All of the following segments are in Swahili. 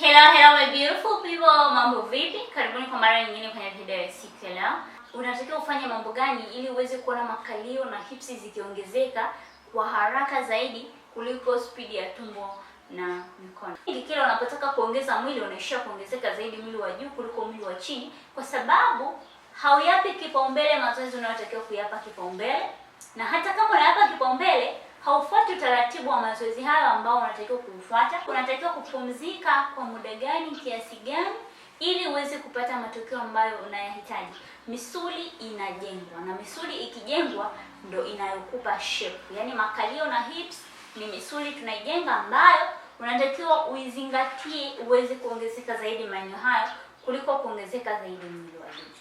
Hello, hello my beautiful people, mambo vipi? Karibuni kwa mara nyingine kwenye video ya siku ya leo. Unatakiwa ufanye mambo gani ili uweze kuona makalio na hipsi zikiongezeka kwa haraka zaidi kuliko spidi ya tumbo na mikono? Ili kila unapotaka kuongeza mwili unaishia kuongezeka zaidi mwili wa juu kuliko mwili wa chini, kwa sababu hauyapi kipaumbele mazoezi unayotakiwa kuyapa kipaumbele, na hata kama unayapa kipaumbele haufuati utaratibu wa mazoezi hayo ambao unatakiwa kuufuata. Unatakiwa kupumzika kwa muda gani, kiasi gani, ili uweze kupata matokeo ambayo unayahitaji. Misuli inajengwa na misuli ikijengwa ndo inayokupa shape, yaani makalio na hips ni misuli tunaijenga ambayo unatakiwa uizingatie uweze kuongezeka zaidi maeneo hayo kuliko kuongezeka zaidi mwili wa juu.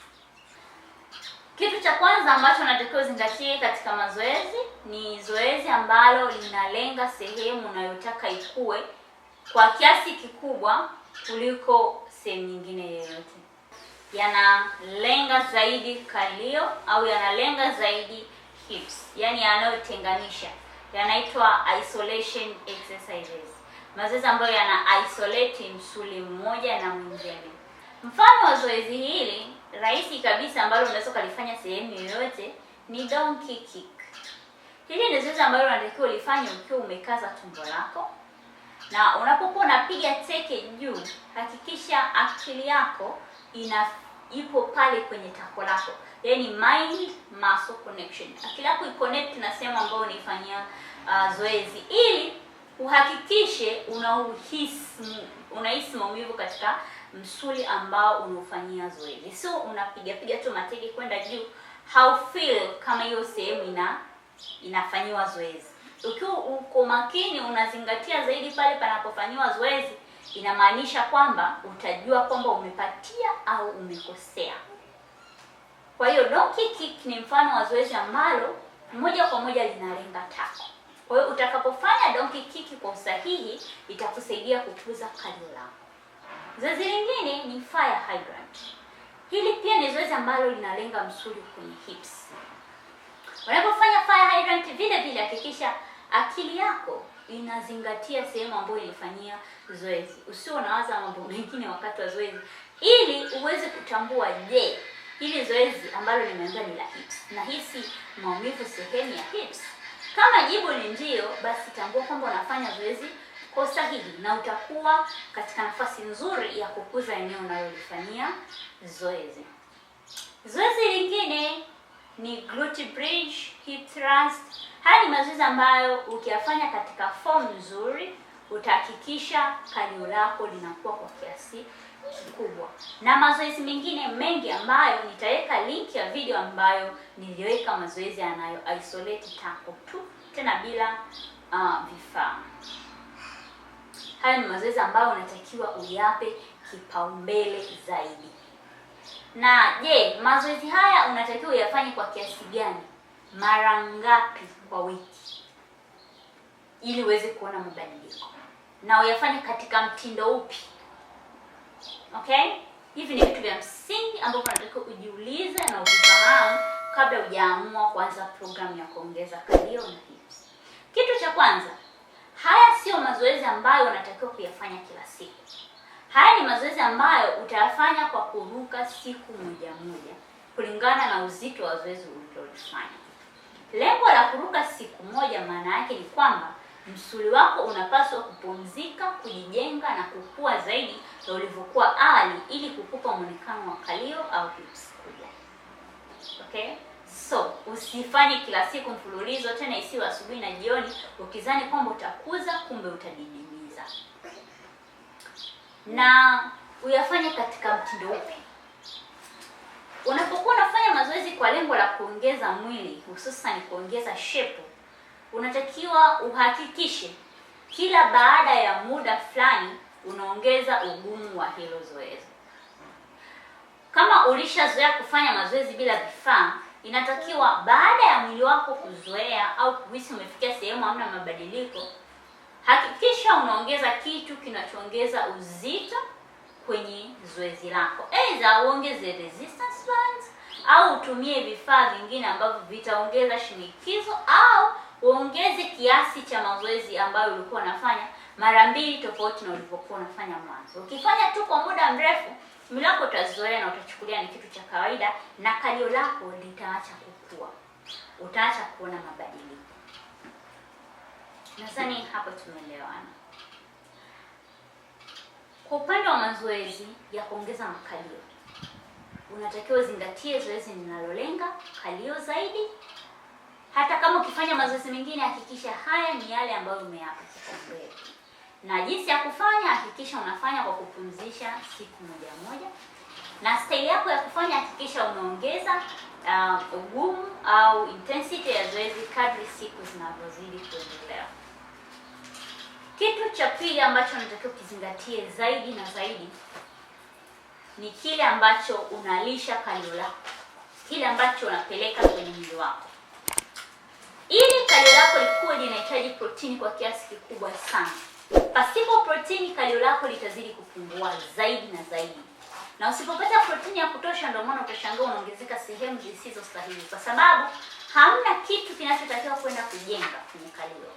Kitu cha kwanza ambacho natakiwa uzingatie katika mazoezi ni zoezi ambalo linalenga sehemu unayotaka ikue kwa kiasi kikubwa kuliko sehemu nyingine yoyote. Yanalenga zaidi kalio au yanalenga zaidi hips, yani yanayotenganisha, yanaitwa isolation exercises, mazoezi ambayo yana isolate msuli mmoja na mwingine. Mfano wa zoezi hili rahisi kabisa ambalo unaweza ukalifanya sehemu yoyote ni donkey kick. Hili ni zoezi ambalo unatakiwa ulifanye ukiwa umekaza tumbo lako, na unapokuwa unapiga teke juu, hakikisha akili yako ina ipo pale kwenye tako lako, yaani mind muscle connection. Akili yako iconnect na sehemu ambayo unaifanyia uh, zoezi ili uhakikishe unauhisi unahisi maumivu katika msuli ambao unaofanyia zoezi, so unapigapiga tu mateke kwenda juu, feel kama hiyo sehemu ina inafanyiwa zoezi. Ukiwa uko makini, unazingatia zaidi pale panapofanyiwa zoezi, inamaanisha kwamba utajua kwamba umepatia au umekosea. Kwa hiyo donkey kick ni mfano wa zoezi ambalo moja kwa moja linalenga tako. Kwa hiyo utakapofanya donkey kick kwa usahihi, itakusaidia kukuza cardio lako. Zoezi lingine ni fire hydrant. Hili pia ni zoezi ambalo linalenga msuli kwenye hips. Unapofanya fire hydrant, vile vile hakikisha akili yako inazingatia sehemu ambayo ilifanyia zoezi, usio unawaza mambo mengine wakati wa zoezi, ili uweze kutambua, je, hili zoezi ambalo limeanza ni la hips, nahisi maumivu sehemu ya hips? Kama jibu ni ndio, basi tambua kwamba unafanya zoezi kwa usahihi na utakuwa katika nafasi nzuri ya kukuza eneo unalolifanyia zoezi. Zoezi lingine ni glute bridge, hip thrust. Haya ni mazoezi ambayo ukiyafanya katika form nzuri utahakikisha kalio lako linakuwa kwa kiasi kikubwa, na mazoezi mengine mengi ambayo nitaweka link ya video ambayo niliweka mazoezi yanayo isolate tako tu tena bila uh, vifaa. Haya ni mazoezi ambayo unatakiwa uyape kipaumbele zaidi. Na je, mazoezi haya unatakiwa uyafanye kwa kiasi gani? Mara ngapi kwa wiki, ili uweze kuona mabadiliko na uyafanye katika mtindo upi? Okay, hivi ni vitu vya msingi ambavyo unatakiwa ujiulize na uvifahamu kabla hujaamua kuanza programu ya kuongeza kalio na hips. Kitu cha kwanza Haya sio mazoezi ambayo unatakiwa kuyafanya kila siku. Haya ni mazoezi ambayo utayafanya kwa kuruka siku moja moja kulingana na uzito wa zoezi ulilofanya. Lengo la kuruka siku moja maana yake ni kwamba msuli wako unapaswa kupumzika, kujijenga na kukua zaidi ya ulivyokuwa awali ili kukupa mwonekano wa kalio au hips. Okay? So usifanye kila siku mfululizo, tena isiwe asubuhi na jioni, ukizani kwamba utakuza, kumbe utadidimiza. Na uyafanye katika mtindo upi? Unapokuwa unafanya mazoezi kwa lengo la kuongeza mwili, hususan kuongeza shepu, unatakiwa uhakikishe kila baada ya muda fulani unaongeza ugumu wa hilo zoezi. Kama ulishazoea kufanya mazoezi bila vifaa Inatakiwa baada ya mwili wako kuzoea au kuhisi umefikia sehemu hamna mabadiliko, hakikisha unaongeza kitu kinachoongeza uzito kwenye zoezi lako. Aidha uongeze resistance bands au utumie vifaa vingine ambavyo vitaongeza shinikizo au uongeze kiasi cha mazoezi ambayo ulikuwa unafanya mara mbili tofauti na ulivyokuwa unafanya mwanzo. Ukifanya tu kwa muda mrefu mlako utazoea na utachukulia ni kitu cha kawaida, na kalio lako litaacha kukua, utaacha kuona mabadiliko. Nadhani hapo tumeelewana. Kwa upande wa mazoezi ya kuongeza makalio, unatakiwa uzingatie zoezi linalolenga kalio zaidi. Hata kama ukifanya mazoezi mengine, hakikisha haya ni yale ambayo umeyapa kipaumbele na jinsi ya kufanya, hakikisha unafanya kwa kupumzisha siku moja moja, na staili yako ya kufanya, hakikisha unaongeza uh, ugumu au intensity ya zoezi kadri siku zinavyozidi kuendelea. Kitu cha pili ambacho unatakiwa kizingatie zaidi na zaidi ni kile ambacho unalisha kalio lako, kile ambacho unapeleka kwenye mwili wako. Ili kalio lako likuwe linahitaji protini kwa kiasi kikubwa sana Pasipo protini kalio lako litazidi kupungua zaidi na zaidi, na usipopata protini ya kutosha, ndio maana utashangaa unaongezeka sehemu zisizo sahihi, kwa sababu hamna kitu kinachotakiwa kwenda kujenga kwenye kalio.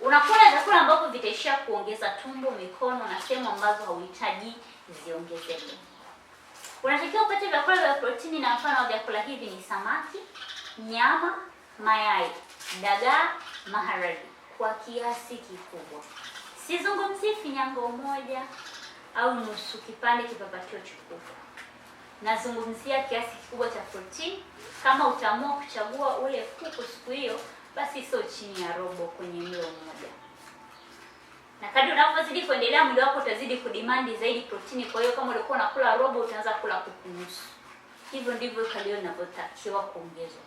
Unakula vyakula ambavyo vitaishia kuongeza tumbo, mikono na sehemu ambazo hauhitaji ziongezeke. Unatakiwa upate vyakula vya protini, na mfano wa vyakula hivi ni samaki, nyama, mayai, dagaa, maharage kwa kiasi kikubwa sizungumzi finyango moja au nusu kipande kipapatio chukufu, nazungumzia kiasi kikubwa cha protini. Kama utaamua kuchagua ule kuku siku hiyo, basi sio chini ya robo kwenye mlo mmoja, na kadri unavyozidi kuendelea, mwili wako utazidi kudimandi zaidi protini. Kwa hiyo kama ulikuwa unakula robo, utaanza kula kuku nusu. Hivyo ndivyo kalio inavyotakiwa kuongezwa,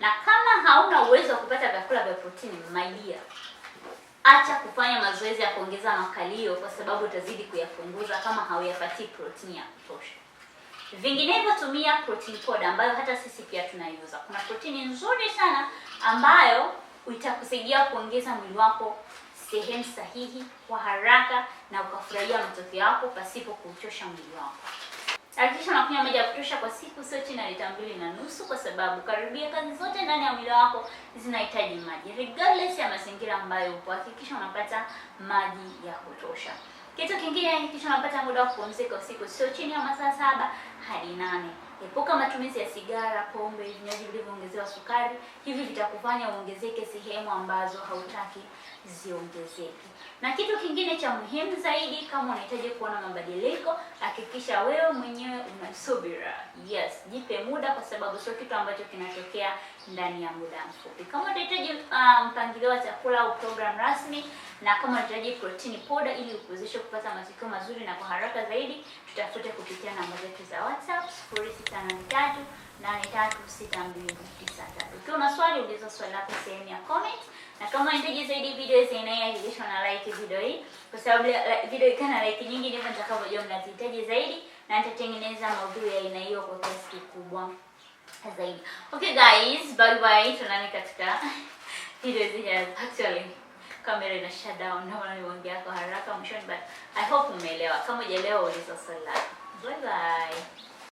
na kama hauna uwezo wa kupata vyakula vya protini, maidia acha kufanya mazoezi ya kuongeza makalio kwa sababu utazidi kuyapunguza kama hauyapatii protini ya kutosha. Vinginevyo tumia protein powder ambayo hata sisi pia tunaiuza. Kuna protini nzuri sana ambayo itakusaidia kuongeza mwili wako sehemu sahihi kwa haraka na ukafurahia matokeo yako pasipo kuuchosha mwili wako. Hakikisha unakunywa maji ya kutosha kwa siku sio chini ya lita mbili na nusu kwa sababu karibia kazi zote ndani ya mwili wako zinahitaji maji regardless ya mazingira ambayo upo. Hakikisha unapata maji ya kutosha. Kitu kingine, hakikisha unapata muda wa kupumzika usiku sio chini ya masaa saba hadi nane. Epuka matumizi ya sigara, pombe, vinywaji vilivyoongezewa sukari. Hivi vitakufanya uongezeke sehemu ambazo hautaki ziongezeke. Na kitu kingine cha muhimu zaidi, kama unahitaji kuona mabadiliko, hakikisha wewe mwenyewe una subira. Yes, jipe muda, kwa sababu sio kitu ambacho kinatokea ndani ya muda mfupi. Kama unahitaji uh, mpangilio wa chakula au program rasmi, na kama unahitaji protein powder ili ukuwezeshe kupata matokeo mazuri na kwa haraka zaidi, tutafute kupitia namba zetu za WhatsApp 0683 836293. Ukiwa na swali, uliza swali lako sehemu ya comment, na kama unahitaji zaidi video za aina hii, hakikisha una like video hii, kwa sababu video ikiwa na like nyingi ndivyo nitakavyojua mnazihitaji zaidi, na nitatengeneza maudhui ya aina hiyo kwa kiasi kikubwa zaidi. Okay guys, bye bye, tunani katika video zijazo. Eh, Actually kamera ina shut down, naona nimeongea kwa haraka mwishoni, but I hope umeelewa. Kama hujaelewa, uliza swali lako. Bye bye.